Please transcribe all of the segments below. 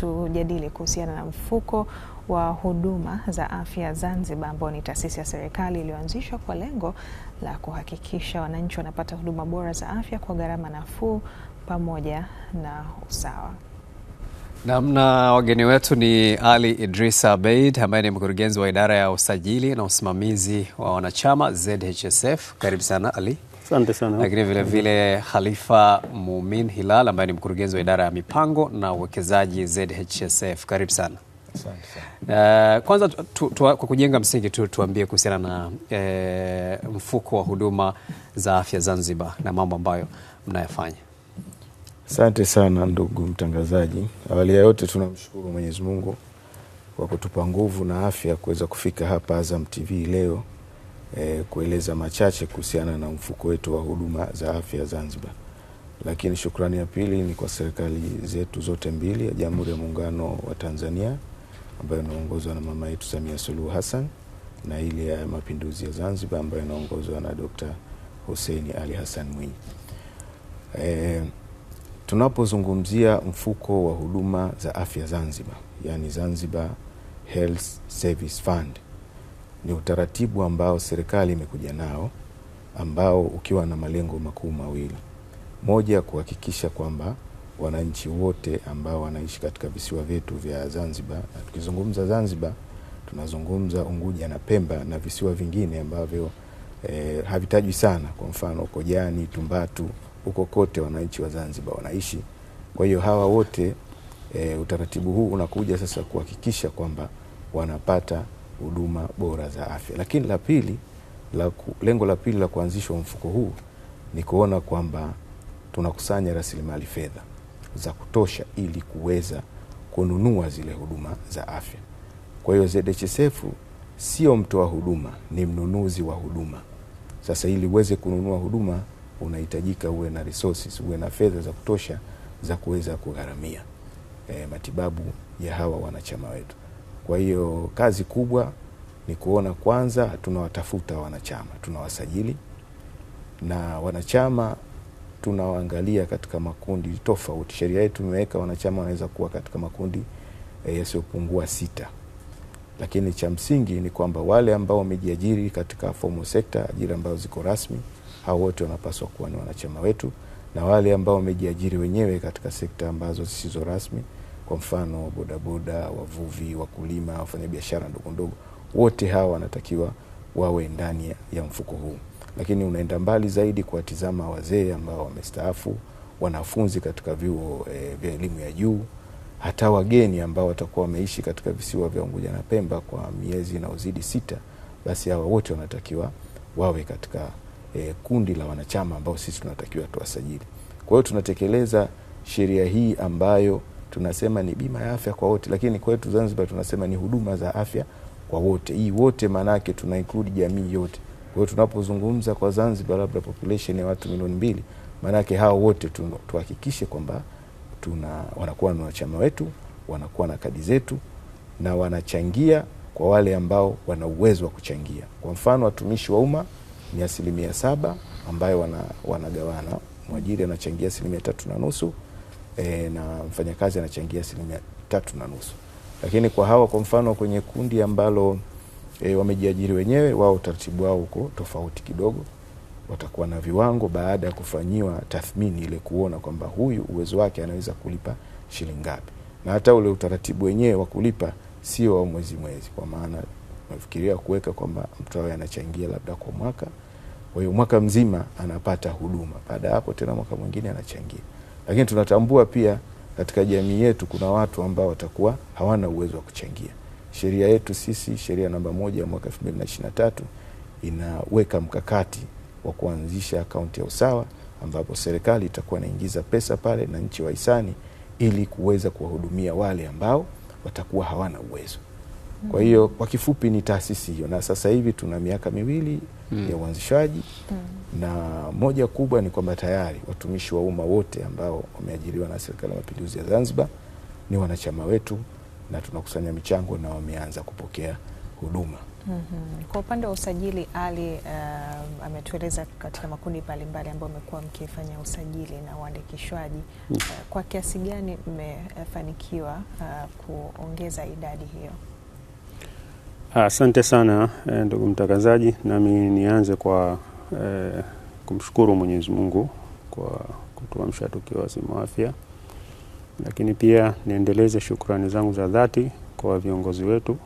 Tujadili kuhusiana na mfuko wa huduma za afya Zanzibar ambao ni taasisi ya serikali iliyoanzishwa kwa lengo la kuhakikisha wananchi wanapata huduma bora za afya kwa gharama nafuu pamoja na usawa. Namna wageni wetu ni Ali Idris Abeid ambaye ni mkurugenzi wa idara ya usajili na usimamizi wa wanachama ZHSF. Karibu sana Ali. Asante sana. Lakini vile vile Khalifa Mumin Hilal ambaye ni mkurugenzi wa idara ya mipango na uwekezaji ZHSF. Karibu sana. Asante sana. Uh, kwanza tu, tu, kwa kujenga msingi tu tuambie kuhusiana na eh, mfuko wa huduma za afya Zanzibar na mambo ambayo mnayafanya. Asante sana ndugu mtangazaji. Awali ya yote tunamshukuru Mwenyezi Mungu kwa kutupa nguvu na afya kuweza kufika hapa Azam TV leo eh, kueleza machache kuhusiana na mfuko wetu wa huduma za afya Zanzibar. Lakini shukrani ya pili ni kwa serikali zetu zote mbili ya Jamhuri ya Muungano wa Tanzania ambayo inaongozwa na mama yetu Samia Suluhu Hassan na ile ya Mapinduzi ya Zanzibar ambayo inaongozwa na Dr. Hussein Ali Hassan Mwinyi. Eh, tunapozungumzia mfuko wa huduma za afya Zanzibar, yani Zanzibar Health Service Fund ni utaratibu ambao serikali imekuja nao ambao ukiwa na malengo makuu mawili. Moja, kuhakikisha kwamba wananchi wote ambao wanaishi katika visiwa vyetu vya Zanzibar, na tukizungumza Zanzibar tunazungumza Unguja na Pemba na visiwa vingine ambavyo eh, havitajwi sana, kwa mfano Kojani, Tumbatu, huko kote wananchi wa Zanzibar wanaishi. Kwa hiyo hawa wote eh, utaratibu huu unakuja sasa kuhakikisha kwamba wanapata huduma bora za afya. Lakini la pili la ku, lengo la pili la kuanzishwa mfuko huu ni kuona kwamba tunakusanya rasilimali fedha za kutosha ili kuweza kununua zile huduma za afya. Kwa hiyo ZHSF sio mtoa huduma, ni mnunuzi wa huduma. Sasa ili uweze kununua huduma unahitajika uwe na resources, uwe na fedha za kutosha za kuweza kugharamia e, matibabu ya hawa wanachama wetu. Kwa hiyo kazi kubwa ni kuona kwanza tunawatafuta wanachama, tunawasajili na wanachama tunawaangalia katika makundi tofauti. Sheria yetu imeweka wanachama wanaweza kuwa katika makundi e, yasiyopungua sita, lakini cha msingi ni kwamba wale ambao wamejiajiri katika formal sector, ajira ambazo ziko rasmi, hao wote wanapaswa kuwa ni wanachama wetu, na wale ambao wamejiajiri wenyewe katika sekta ambazo zisizo rasmi kwa mfano bodaboda, wavuvi, wakulima, wafanyabiashara ndogo ndogo, wote hawa wanatakiwa wawe ndani ya mfuko huu. Lakini unaenda mbali zaidi kuwatizama wazee ambao wamestaafu, wanafunzi katika vyuo e, vya elimu ya juu, hata wageni ambao watakuwa wameishi katika visiwa vya Unguja na Pemba kwa miezi uzidi sita, basi hawa wote wanatakiwa wawe katika e, kundi la wanachama ambao sisi tunatakiwa tuwasajili. Kwa hiyo tunatekeleza sheria hii ambayo tunasema ni bima ya afya kwa wote, lakini kwetu Zanzibar tunasema ni huduma za afya kwa wote. Hii wote maanake tuna include jamii yote. Kwa hiyo tunapozungumza kwa Zanzibar labda population ya watu milioni mbili, maanake hao wote tuhakikishe kwamba tuna wanakuwa na wanachama wetu, wanakuwa na kadi zetu na wanachangia kwa wale ambao wana uwezo wa kuchangia. Kwa mfano watumishi wa umma ni asilimia saba ambayo wanagawana wana mwajiri anachangia asilimia tatu na nusu e, na mfanyakazi anachangia asilimia tatu na nusu. Lakini kwa hawa kwa mfano kwenye kundi ambalo e, wamejiajiri wenyewe, wao utaratibu wao uko tofauti kidogo, watakuwa na viwango baada ya kufanyiwa tathmini ile kuona kwamba huyu uwezo wake anaweza kulipa shilingi ngapi, na hata ule utaratibu wenyewe wa kulipa sio wa mwezi mwezi, kwa maana nafikiria kuweka kwamba mtu awe anachangia labda kwa mwaka, kwa hiyo mwaka mzima anapata huduma, baada ya hapo tena mwaka mwingine anachangia lakini tunatambua pia katika jamii yetu kuna watu ambao watakuwa hawana uwezo wa kuchangia. Sheria yetu sisi, sheria namba moja ya mwaka tatu inaweka mkakati wa kuanzisha akaunti ya usawa ambapo serikali itakuwa inaingiza pesa pale na nchi wahisani ili kuweza kuwahudumia wale ambao watakuwa hawana uwezo. Kwa hiyo kwa kifupi ni taasisi hiyo, na sasa hivi tuna miaka miwili mm. ya uanzishaji mm. na moja kubwa ni kwamba tayari watumishi wa umma wote ambao wameajiriwa na Serikali ya Mapinduzi ya Zanzibar ni wanachama wetu na tunakusanya michango na wameanza kupokea huduma. Mm -hmm. Kwa upande wa usajili Ali uh, ametueleza katika makundi mbalimbali ambayo amekuwa mkifanya usajili na uandikishwaji mm. uh, kwa kiasi gani mmefanikiwa uh, kuongeza idadi hiyo? Ah, asante sana eh, ndugu mtangazaji, nami nianze kwa eh, kumshukuru Mwenyezi Mungu kwa kutuamsha tukiwa wazima afya, lakini pia niendeleze shukrani zangu za dhati kwa viongozi wetu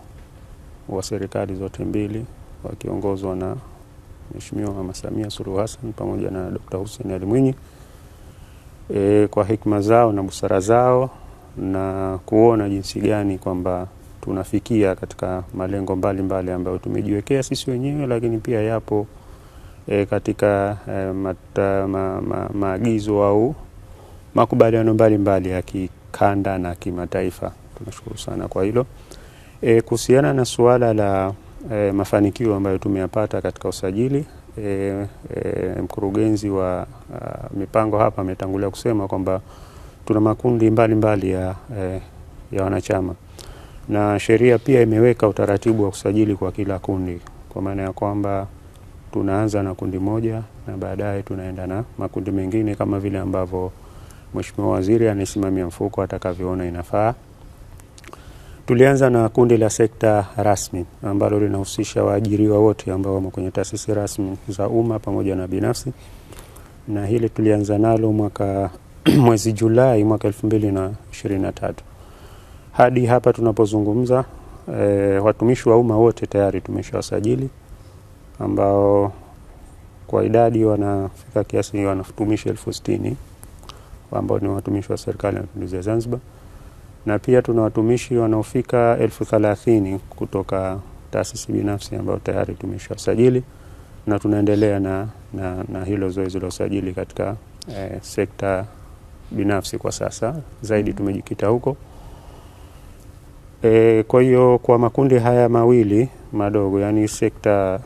wa serikali zote mbili wakiongozwa na Mheshimiwa Mama Samia Suluhu Hassan pamoja na Dr. Hussein Ali Mwinyi e, kwa hikma zao na busara zao na kuona jinsi gani kwamba tunafikia katika malengo mbalimbali ambayo tumejiwekea sisi wenyewe, lakini pia yapo e, katika e, mata, ma, ma, maagizo au makubaliano mbalimbali ya kikanda na kimataifa. Tunashukuru sana kwa hilo. E, kuhusiana na suala la e, mafanikio ambayo tumeyapata katika usajili e, e, mkurugenzi wa a, mipango hapa ametangulia kusema kwamba tuna makundi mbalimbali mbali ya, e, ya wanachama na sheria pia imeweka utaratibu wa kusajili kwa kila kundi, kwa maana ya kwamba tunaanza na kundi moja na baadaye tunaenda na makundi mengine kama vile ambavyo Mheshimiwa Waziri anisimamia mfuko atakavyoona inafaa. Tulianza na kundi la sekta rasmi ambalo linahusisha waajiriwa wote ambao wamo kwenye taasisi rasmi za umma pamoja na binafsi, na hili tulianza nalo mwaka mwezi Julai mwaka elfu mbili na ishirini na tatu hadi hapa tunapozungumza e, watumishi wa umma wote tayari tumeshawasajili ambao kwa idadi wanafika kiasi wanatumishi elfu sitini ambao ni watumishi wa serikali ya mapinduzi ya Zanzibar, na pia tuna watumishi wanaofika elfu thalathini kutoka taasisi binafsi ambao tayari tumeshawasajili na tunaendelea na, na, na hilo zoezi la usajili katika eh, sekta binafsi kwa sasa zaidi tumejikita huko. E, kwa hiyo kwa makundi haya mawili madogo yani sekta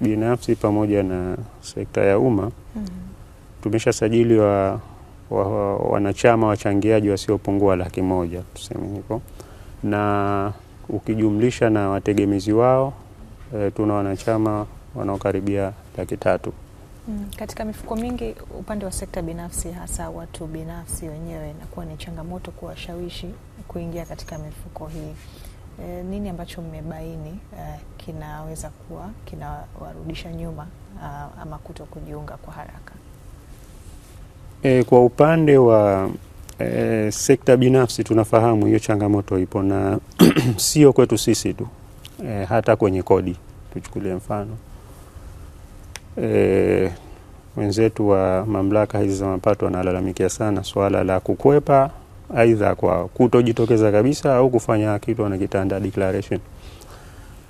binafsi pamoja na sekta ya umma mm -hmm. sajili wa, wa, wa, wachangiaji wasiopungua laki moja tuseme hivyo, na ukijumlisha na wategemezi wao e, tuna wanachama wanaokaribia laki tatu. Mm, katika mifuko mingi upande wa sekta binafsi hasa watu binafsi wenyewe inakuwa ni changamoto kuwashawishi kuingia katika mifuko hii. E, nini ambacho mmebaini e, kinaweza kuwa kinawarudisha nyuma a, ama kuto kujiunga kwa haraka? E, kwa upande wa e, sekta binafsi tunafahamu hiyo changamoto ipo na sio kwetu sisi tu e, hata kwenye kodi tuchukulie mfano e, wenzetu wa mamlaka hizi za mapato wanalalamikia sana swala la kukwepa aidha kwa kutojitokeza kabisa au kufanya kitu anakitanda declaration.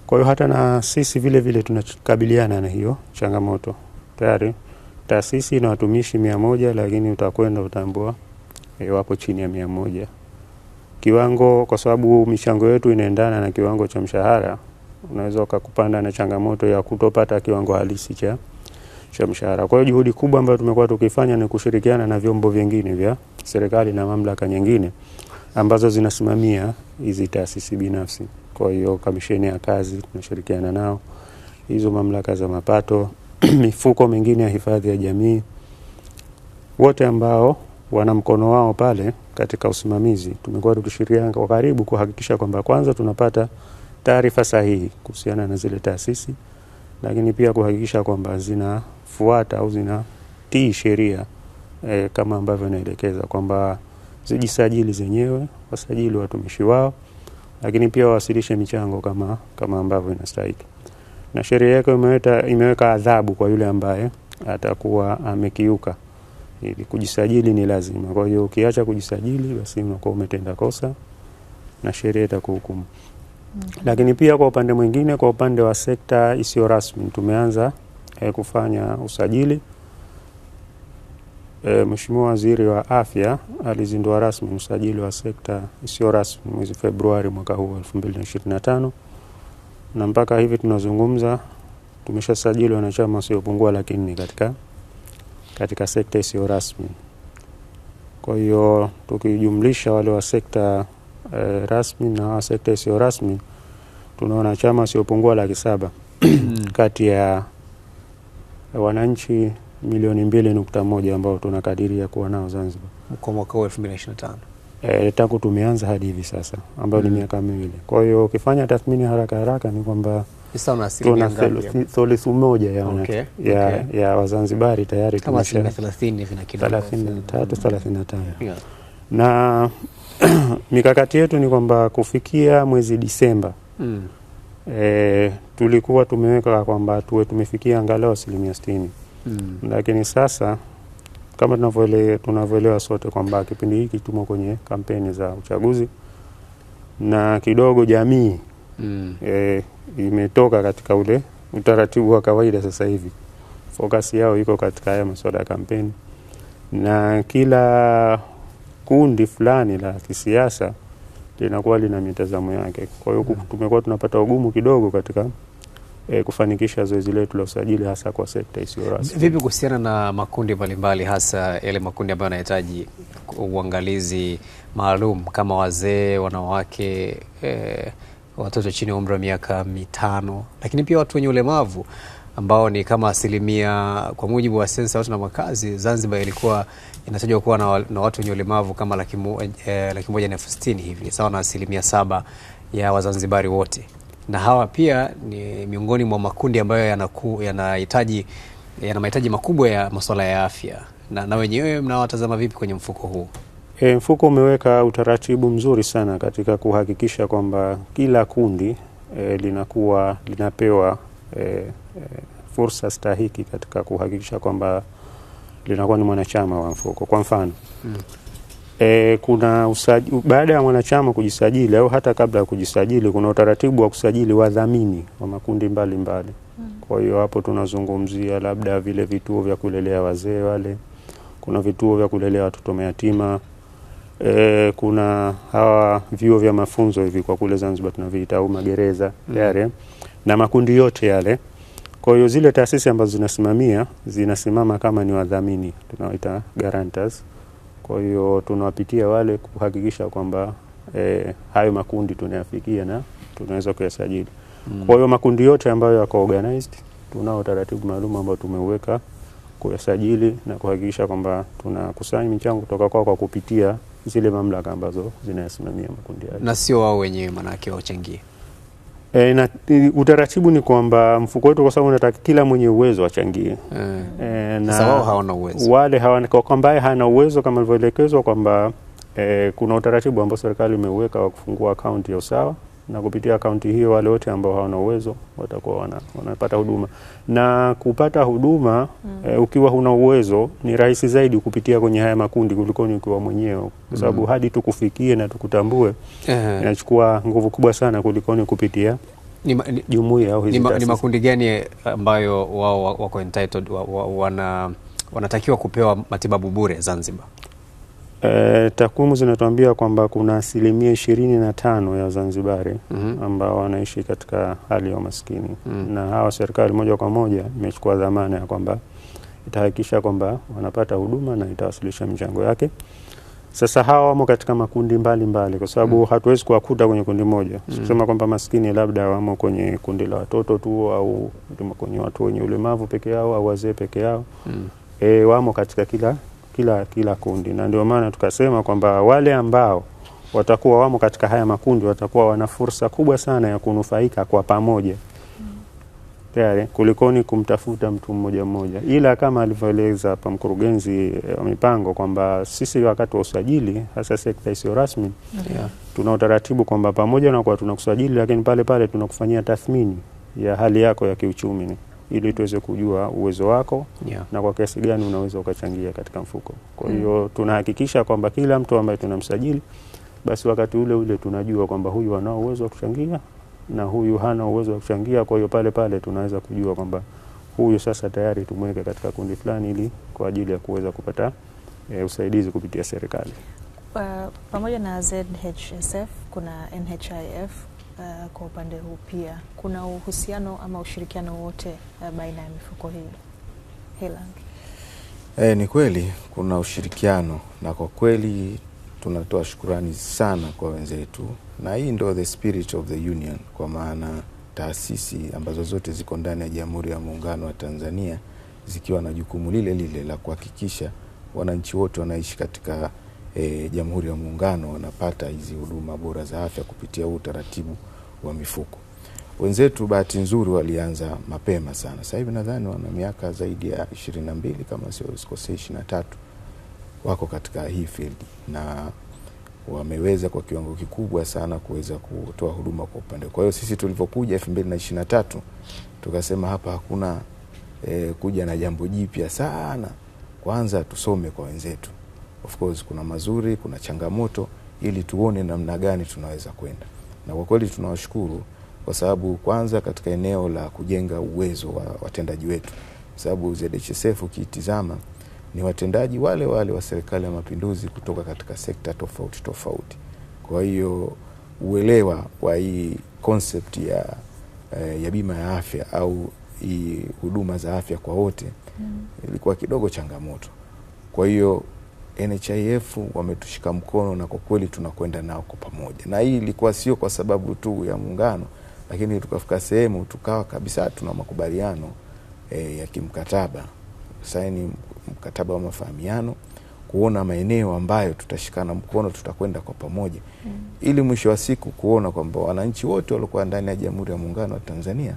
Kwa hiyo hata na sisi vile vile tunakabiliana na hiyo changamoto tayari taasisi na watumishi mia moja lakini utakwenda utambua e, wapo chini ya mia moja kiwango, kwa sababu michango yetu inaendana na kiwango cha mshahara. Unaweza ukakupanda na changamoto ya kutopata kiwango halisi cha cha mshahara. Kwa hiyo juhudi kubwa ambayo tumekuwa tukifanya ni kushirikiana na vyombo vingine vya serikali na mamlaka nyingine ambazo zinasimamia hizi taasisi binafsi. Kwa hiyo kamisheni ya kazi tunashirikiana nao, hizo mamlaka za mapato mifuko mingine ya hifadhi ya jamii, wote ambao wana mkono wao pale katika usimamizi, tumekuwa tukishirikiana kwa karibu kuhakikisha kwamba kwanza tunapata taarifa sahihi kuhusiana na zile taasisi, lakini pia kuhakikisha kwamba zinafuata au zinatii sheria e, kama ambavyo naelekeza kwamba zijisajili zenyewe, wasajili watumishi wao, lakini pia wawasilishe michango kama, kama ambavyo inastahili. Na sheria yake imeweka adhabu kwa yule ambaye atakuwa amekiuka ili kujisajili ni lazima. Kwa hiyo ukiacha kujisajili, basi unakuwa umetenda kosa na sheria itakuhukumu. Mm-hmm. Lakini pia kwa upande mwingine, kwa upande wa sekta isiyo rasmi tumeanza eh, kufanya usajili E, Mheshimiwa Waziri wa Afya alizindua rasmi usajili wa sekta isiyo rasmi mwezi Februari mwaka huu 2025 na mpaka hivi tunazungumza tumeshasajili wanachama wasiopungua laki nne katika, katika sekta isiyo rasmi. Kwa hiyo tukijumlisha wale wa sekta e, rasmi na wa sekta isiyo rasmi tuna wanachama wasiopungua laki saba kati ya wananchi milioni mbili nukta moja ambao tunakadiria kuwa nao Zanzibar kwa mwaka huu tano E, tangu tumeanza hadi hivi sasa ambayo mm. ni miaka miwili. Kwa hiyo ukifanya tathmini haraka haraka ni kwamba tuna thuluthi moja ya, okay. ya, okay. ya Wazanzibari tayari thelathini tatu mm. thelathini na tano na mikakati yetu ni kwamba kufikia mwezi Disemba mm. e, tulikuwa tumeweka kwamba tuwe tumefikia angalau asilimia sitini mm. Lakini sasa kama tunavyoelewa sote kwamba kipindi hiki tumo kwenye kampeni za uchaguzi na kidogo jamii mm. e, imetoka katika ule utaratibu wa kawaida. Sasa hivi fokasi yao iko katika haya masuala ya kampeni, na kila kundi fulani la kisiasa linakuwa lina mitazamo yake. Kwa hiyo mm. tumekuwa tunapata ugumu kidogo katika e, kufanikisha zoezi letu la usajili hasa kwa sekta isiyo rasmi. Vipi kuhusiana na makundi mbalimbali, hasa yale makundi ambayo yanahitaji uangalizi maalum kama wazee, wanawake, e, watoto chini ya umri wa miaka mitano, lakini pia watu wenye ulemavu ambao ni kama asilimia, kwa mujibu wa sensa watu na makazi, Zanzibar ilikuwa inatajwa kuwa na, na watu wenye ulemavu kama eh, laki moja na elfu sitini hivi, sawa na asilimia saba ya Wazanzibari wote na hawa pia ni miongoni mwa makundi ambayo yanahitaji yana yana mahitaji makubwa ya masuala ya afya. Na, na wenyewe mnawatazama vipi kwenye mfuko huu? E, mfuko umeweka utaratibu mzuri sana katika kuhakikisha kwamba kila kundi e, linakuwa linapewa e, e, fursa stahiki katika kuhakikisha kwamba linakuwa ni mwanachama wa mfuko. Kwa mfano hmm. E, kuna usaji, baada ya mwanachama kujisajili au hata kabla ya kujisajili kuna utaratibu wa kusajili wadhamini wa makundi mbalimbali mbali. Hmm. Kwa hiyo hapo tunazungumzia labda vile vituo vya kulelea wazee wale, kuna vituo vya kulelea watoto mayatima e, kuna hawa vyuo vya mafunzo hivi kwa kule Zanzibar tunaviita au magereza mm. yale na makundi yote yale. Kwa hiyo zile taasisi ambazo zinasimamia zinasimama kama ni wadhamini tunaoita guarantors kwa hiyo tunawapitia wale kuhakikisha kwamba e, hayo makundi tunayafikia na tunaweza kuyasajili. Mm. Kwa hiyo makundi yote ambayo yako organized tunao taratibu maalum ambao tumeuweka kuyasajili na kuhakikisha kwamba tunakusanya michango kutoka kwao kwa kupitia zile mamlaka ambazo zinayasimamia makundi hayo, na sio wao wenyewe, maanake wachangie E, na, utaratibu ni kwamba mfuko wetu kwa sababu unataka kila mwenye uwezo achangie. Mm. E, na wao hawana uwezo. Wale hawana kwa kwamba hana uwezo kama ilivyoelekezwa kwamba e, kuna utaratibu ambao serikali imeuweka wa kufungua akaunti ya usawa na kupitia akaunti hiyo wale wote ambao hawana uwezo watakuwa wana, wanapata huduma na kupata huduma mm. E, ukiwa huna uwezo ni rahisi zaidi kupitia kwenye haya makundi kuliko ni ukiwa mwenyewe, kwa sababu mm. hadi tukufikie na tukutambue eh. inachukua uh, nguvu kubwa sana kuliko ni kupitia jumuiya au hizi Ni makundi gani eh, ambayo wao wako entitled, wana wanatakiwa kupewa matibabu bure Zanzibar? E, takwimu zinatuambia kwamba kuna asilimia ishirini na tano ya Wazanzibari mm -hmm. ambao wanaishi katika hali ya umaskini mm -hmm. na hawa serikali moja kwa moja imechukua dhamana ya kwamba itahakikisha kwamba wanapata huduma na itawasilisha michango yake. Sasa hawa wamo katika makundi mbalimbali, kwa sababu mm -hmm. hatuwezi kuwakuta kwenye kundi moja mm -hmm. kusema kwamba maskini labda wamo kwenye kundi la watoto tu au kwenye watu wenye ulemavu peke yao au wazee peke yao mm -hmm. e, wamo katika kila kila, kila kundi, na ndio maana tukasema kwamba wale ambao watakuwa wamo katika haya makundi watakuwa wana fursa kubwa sana ya kunufaika kwa pamoja tayari kulikoni kumtafuta mtu mmoja mmoja, ila kama alivyoeleza hapa mkurugenzi eh, wa mipango kwamba sisi wakati wa usajili hasa sekta isiyo rasmi yeah. tuna utaratibu kwamba pamoja na kuwa tunakusajili, lakini pale pale tunakufanyia tathmini ya hali yako ya kiuchumi ili tuweze kujua uwezo wako yeah. na kwa kiasi gani unaweza ukachangia katika mfuko. Kwa mm. hiyo mm. tunahakikisha kwamba kila mtu ambaye tunamsajili basi wakati ule ule tunajua kwamba huyu anao uwezo wa kuchangia na huyu hana uwezo wa kuchangia. Kwa hiyo pale pale tunaweza kujua kwamba huyu sasa tayari tumweke katika kundi fulani ili kwa ajili ya kuweza kupata e, usaidizi kupitia serikali. Uh, pamoja na ZHSF kuna NHIF uh, kwa upande huu pia kuna uhusiano ama ushirikiano wote uh, baina ya mifuko hii Helang? E, ni kweli kuna ushirikiano na kwa kweli tunatoa shukurani sana kwa wenzetu, na hii ndo the spirit of the union, kwa maana taasisi ambazo zote ziko ndani ya Jamhuri ya Muungano wa Tanzania zikiwa na jukumu lile lile la kuhakikisha wananchi wote wanaishi katika e, Jamhuri ya Muungano wanapata hizi huduma bora za afya kupitia huu utaratibu wa mifuko. Wenzetu bahati nzuri walianza mapema sana, sasa hivi nadhani wana miaka zaidi ya ishirini na mbili kama sio sikosea, ishirini na tatu wako katika hii field na wameweza kwa kiwango kikubwa sana kuweza kutoa huduma kwa upande. Kwa hiyo sisi tulivyokuja elfu mbili na ishirini na tatu tukasema hapa hakuna e, kuja na jambo jipya sana, kwanza tusome kwa wenzetu. Of course kuna mazuri, kuna changamoto, ili tuone namna gani tunaweza kwenda na kwa kweli tunawashukuru kwa sababu kwanza katika eneo la kujenga uwezo wa watendaji wetu, kwa sababu ZHSF ukiitizama ni watendaji wale wale wa Serikali ya Mapinduzi kutoka katika sekta tofauti tofauti. Kwa hiyo uelewa wa hii concept ya, eh, ya bima ya afya au hii huduma za afya kwa wote mm, ilikuwa kidogo changamoto. Kwa hiyo NHIF wametushika mkono na kwa kweli tunakwenda nao kwa pamoja, na hii ilikuwa sio kwa sababu tu ya muungano, lakini tukafika sehemu tukawa kabisa tuna makubaliano e, ya kimkataba saini mkataba wa mafahamiano kuona maeneo ambayo tutashikana mkono tutakwenda kwa pamoja mm. ili mwisho wa siku kuona kwamba wananchi wote waliokuwa ndani ya Jamhuri ya Muungano wa Tanzania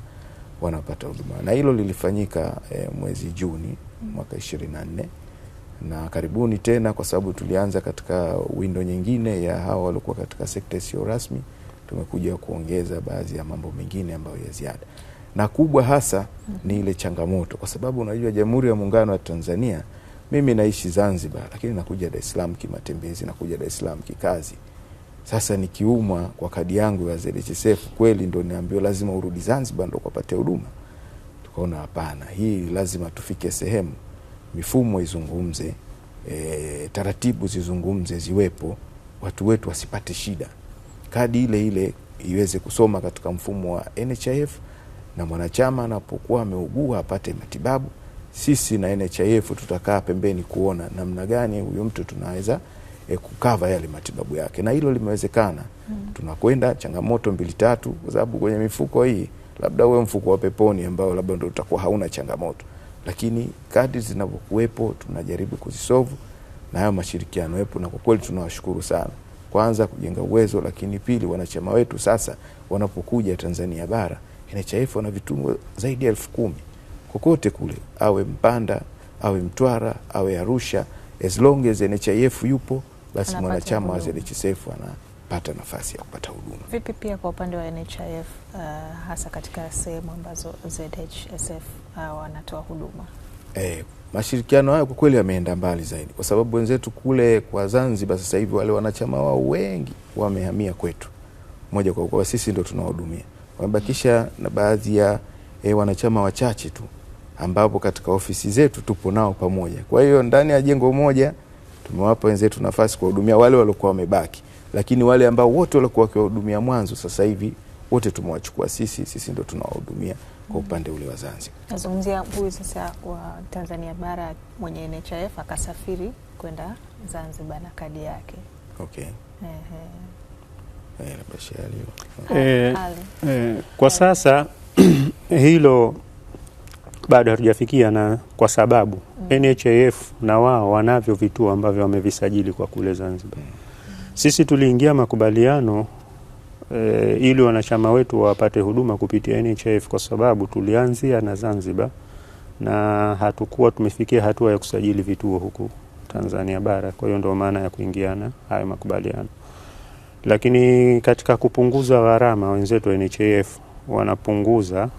wanapata huduma, na hilo lilifanyika e, mwezi Juni mm. mwaka ishirini na nne na karibuni tena, kwa sababu tulianza katika windo nyingine ya hawa waliokuwa katika sekta isiyo rasmi. Tumekuja kuongeza baadhi ya mambo mengine ambayo ya ziada, na kubwa hasa ni ile changamoto, kwa sababu unajua Jamhuri ya Muungano wa Tanzania, mimi naishi Zanzibar, lakini nakuja Dar es Salaam kimatembezi, nakuja Dar es Salaam kikazi. Sasa nikiumwa kwa kadi yangu ya ZHSF kweli ndo niambiwa lazima urudi Zanzibar ndo kupata huduma? Tukaona hapana, hii lazima tufike sehemu mifumo izungumze, e, taratibu zizungumze, ziwepo, watu wetu wasipate shida. Kadi ile ile iweze kusoma katika mfumo wa NHIF na mwanachama anapokuwa ameugua apate matibabu. Sisi na NHIF tutakaa pembeni kuona namna gani huyu mtu tunaweza e, kukava yale matibabu yake, na hilo limewezekana. Mm. Tunakwenda changamoto mbili tatu, kwa sababu kwenye mifuko hii labda uwe mfuko wa peponi ambao labda ndio utakuwa hauna changamoto lakini kadi zinavyokuwepo tunajaribu kuzisovu na hayo mashirikiano yepo, na kwa kweli tunawashukuru sana, kwanza kujenga uwezo, lakini pili wanachama wetu sasa wanapokuja Tanzania bara NHIF wana vituo zaidi ya elfu kumi kokote kule, awe Mpanda awe Mtwara awe Arusha, as long as NHIF yupo basi mwanachama wa NHIF ana wanapata nafasi ya kupata huduma. Vipi pia kwa upande wa NHIF uh, hasa katika sehemu ambazo ZHSF uh, wanatoa huduma? E, mashirikiano hayo kwa kweli yameenda mbali zaidi, kwa sababu wenzetu kule kwa Zanzibar sasa hivi wale wanachama wao wengi wamehamia kwetu moja kwa kwa sisi ndo tunawahudumia, wamebakisha na baadhi ya e, wanachama wachache tu ambapo katika ofisi zetu tupo nao pamoja. Kwa hiyo ndani ya jengo moja tumewapa wenzetu nafasi kuwahudumia wale waliokuwa wamebaki lakini wale ambao wote walikuwa wakiwahudumia mwanzo sasa hivi wote tumewachukua sisi, sisi ndo tunawahudumia kwa mm-hmm. upande ule wa Zanzibar. Nazungumzia huyu sasa wa Tanzania bara mwenye NHIF akasafiri kwenda Zanzibar na kadi yake. Okay. Ehe. E, e, kwa sasa hilo bado hatujafikia na kwa sababu mm. NHIF na wao wanavyo vituo ambavyo wamevisajili kwa kule Zanzibar mm. Sisi tuliingia makubaliano e, ili wanachama wetu wapate huduma kupitia NHIF kwa sababu tulianzia na Zanzibar na hatukuwa tumefikia hatua ya kusajili vituo huku Tanzania bara. Kwa hiyo ndio maana ya kuingiana hayo makubaliano, lakini katika kupunguza gharama wenzetu NHIF wanapunguza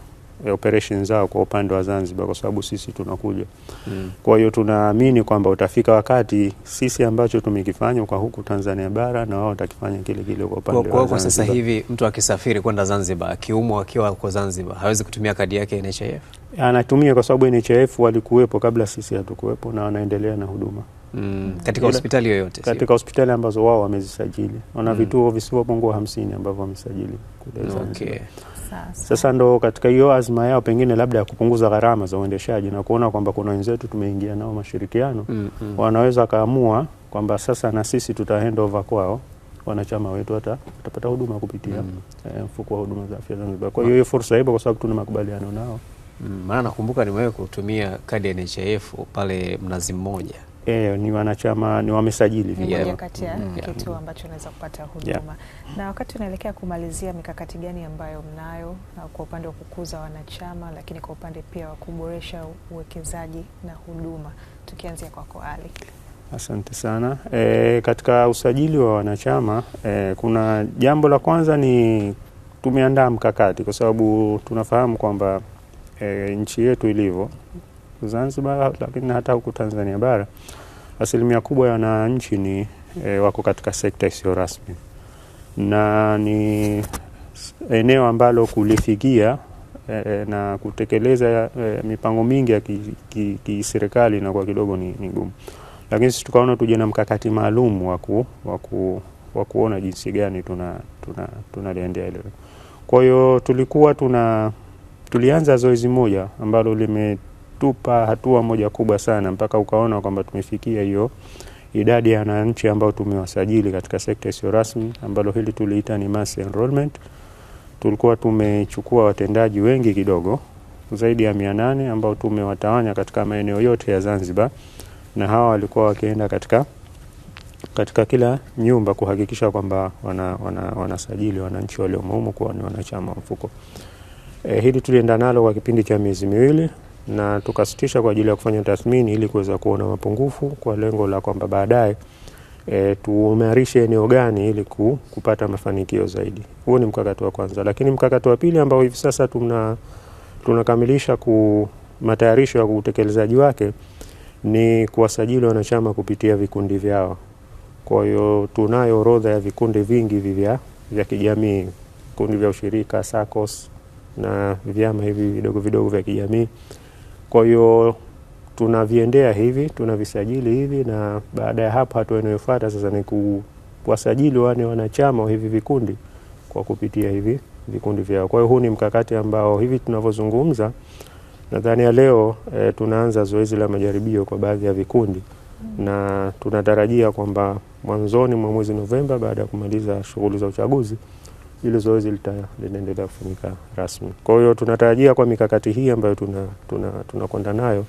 Eh, operation zao kwa upande wa Zanzibar, kwa sababu sisi tunakuja mm. Kwa hiyo tunaamini kwamba utafika wakati sisi ambacho tumekifanya kwa huku Tanzania bara na wao watakifanya kile kile kwa upande wa Zanzibar. Kwa sasa hivi mtu akisafiri kwenda Zanzibar akiumwa akiwa kwa Zanzibar hawezi kutumia kadi yake ya NHIF, anatumia kwa sababu NHIF walikuwepo kabla sisi hatukuwepo na wanaendelea na huduma Mm, katika hospitali yoyote, katika hospitali ambazo wao wamezisajili wana mm. vituo visivyopungua hamsini ambavyo wamesajili kule mm, Zanzibar. Okay sasa. Sasa ndo katika hiyo azma yao pengine labda ya kupunguza gharama za uendeshaji na kuona kwamba kuna wenzetu tumeingia nao mashirikiano mm -hmm. wanaweza kaamua kwamba sasa na sisi tuta hand over kwao wanachama wetu hata watapata huduma kupitia mfuko mm. e, eh, mfuko wa huduma za afya Zanzibar. Kwa hiyo hiyo fursa ipo kwa sababu tuna makubaliano nao mm, maana mm, nakumbuka nimewahi kutumia kadi ya NHIF pale Mnazi Mmoja E, ni wanachama ni wamesajili vile. Moja kati ya mm. kituo ambacho unaweza kupata huduma yeah. Na wakati unaelekea kumalizia, mikakati gani ambayo mnayo kwa upande wa kukuza wanachama, lakini kwa upande pia wa kuboresha uwekezaji na huduma, tukianzia kwako Ali? Asante sana. E, katika usajili wa wanachama e, kuna jambo la kwanza ni tumeandaa mkakati kwa sababu tunafahamu kwamba e, nchi yetu ilivyo huku Zanzibar, lakini hata huku Tanzania bara asilimia kubwa ya wananchi ni e, wako katika sekta isiyo rasmi na ni eneo ambalo kulifikia e, na kutekeleza e, mipango mingi ya kiserikali ki, ki inakuwa kidogo ni, ni gumu, lakini sisi tukaona tuje na mkakati maalum wa waku, kuona jinsi gani tuna, tuna, tunaliendea ile. Kwa hiyo tulikuwa tuna tulianza zoezi moja ambalo lime imetupa hatua moja kubwa sana mpaka ukaona kwamba tumefikia hiyo idadi ya wananchi ambao tumewasajili katika sekta isiyo rasmi, ambalo hili tuliita ni mass enrollment. Tulikuwa tumechukua watendaji wengi kidogo zaidi ya mia nane ambao tumewatawanya katika maeneo yote ya Zanzibar, na hawa walikuwa wakienda katika katika kila nyumba kuhakikisha kwamba wanasajili wana, wana wananchi waliomuhumu kuwa ni wanachama wa mfuko. E, hili tulienda nalo kwa kipindi cha miezi miwili na tukasitisha kwa ajili ya kufanya tathmini ili kuweza kuona mapungufu kwa lengo la kwamba baadaye e, tuimarishe eneo gani ili ku, kupata mafanikio zaidi. Huo ni mkakati wa kwanza, lakini mkakati wa pili ambao hivi sasa tuna tunakamilisha ku matayarisho ya utekelezaji wake ni kuwasajili wanachama kupitia vikundi vyao. Kwa hiyo tunayo orodha ya vikundi vingi vivya vya kijamii, vikundi vya ushirika SACCOS na vyama hivi vidogo vidogo vya kijamii kwa hiyo tunaviendea hivi, tunavisajili hivi, na baada ya hapo hatua inayofuata sasa ni kuwasajili wale wanachama wa hivi vikundi kwa kupitia hivi vikundi vyao. Kwa hiyo huu ni mkakati ambao hivi tunavyozungumza nadhani ya leo e, tunaanza zoezi la majaribio kwa baadhi ya vikundi na tunatarajia kwamba mwanzoni mwa mwezi Novemba baada ya kumaliza shughuli za uchaguzi ili zoezi linaendelea kufanyika rasmi. Kwa hiyo tunatarajia kwa mikakati hii ambayo tunakwenda tuna, tuna nayo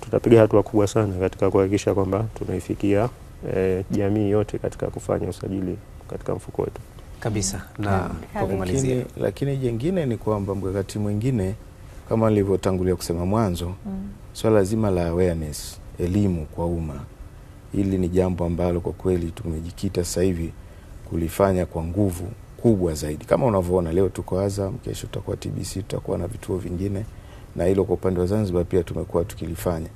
tutapiga hatua kubwa sana katika kuhakikisha kwamba tunaifikia e, jamii yote katika kufanya usajili katika mfuko wetu kabisa. Na kwa kumalizia, lakini jengine ni kwamba mkakati mwingine kama nilivyotangulia kusema mwanzo mm. swala so zima la awareness elimu kwa umma, hili ni jambo ambalo kwa kweli tumejikita sasa hivi kulifanya kwa nguvu kubwa zaidi. Kama unavyoona leo tuko Azam, kesho tutakuwa TBC, tutakuwa na vituo vingine, na hilo kwa upande wa Zanzibar pia tumekuwa tukilifanya,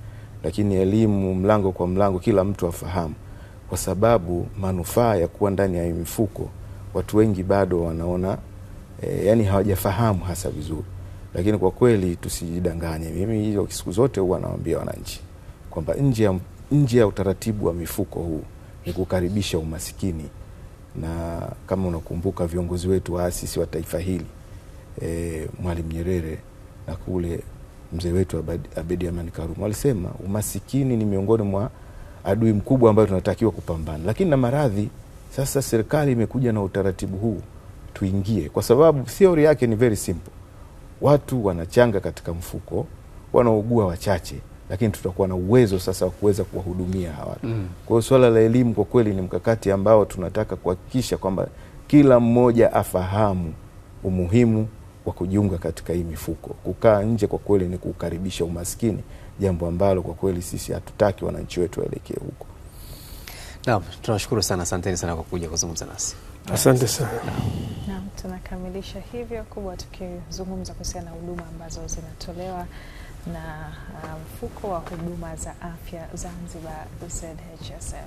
lakini elimu mlango kwa mlango, kila mtu afahamu, kwa sababu manufaa ya kuwa ndani ya mifuko watu wengi bado wanaona e, yani hawajafahamu hasa vizuri, lakini kwa kweli tusijidanganye. Mimi hiyo siku zote huwa nawaambia wananchi kwamba nje ya utaratibu wa mifuko huu ni kukaribisha umasikini na kama unakumbuka viongozi wetu waasisi wa taifa hili e, Mwalimu Nyerere na kule mzee wetu Abedi Amani Karume walisema umasikini ni miongoni mwa adui mkubwa ambayo tunatakiwa kupambana, lakini na maradhi. Sasa serikali imekuja na utaratibu huu tuingie, kwa sababu theory yake ni very simple, watu wanachanga katika mfuko, wanaougua wachache lakini tutakuwa na uwezo sasa wa kuweza kuwahudumia hawa mm. Kwa hiyo swala la elimu kwa kweli ni mkakati ambao tunataka kuhakikisha kwamba kila mmoja afahamu umuhimu wa kujiunga katika hii mifuko. Kukaa nje kwa kweli ni kukaribisha umaskini, jambo ambalo kwa kweli sisi hatutaki wananchi wetu waelekee huko. Naam, tunashukuru sana, asanteni sana kwa kuja kuzungumza nasi. Asante sana. Naam, tunakamilisha hivyo kubwa tukizungumza kuhusiana na huduma ambazo zinatolewa na uh, mfuko um, wa huduma za afya Zanzibar ZHSF.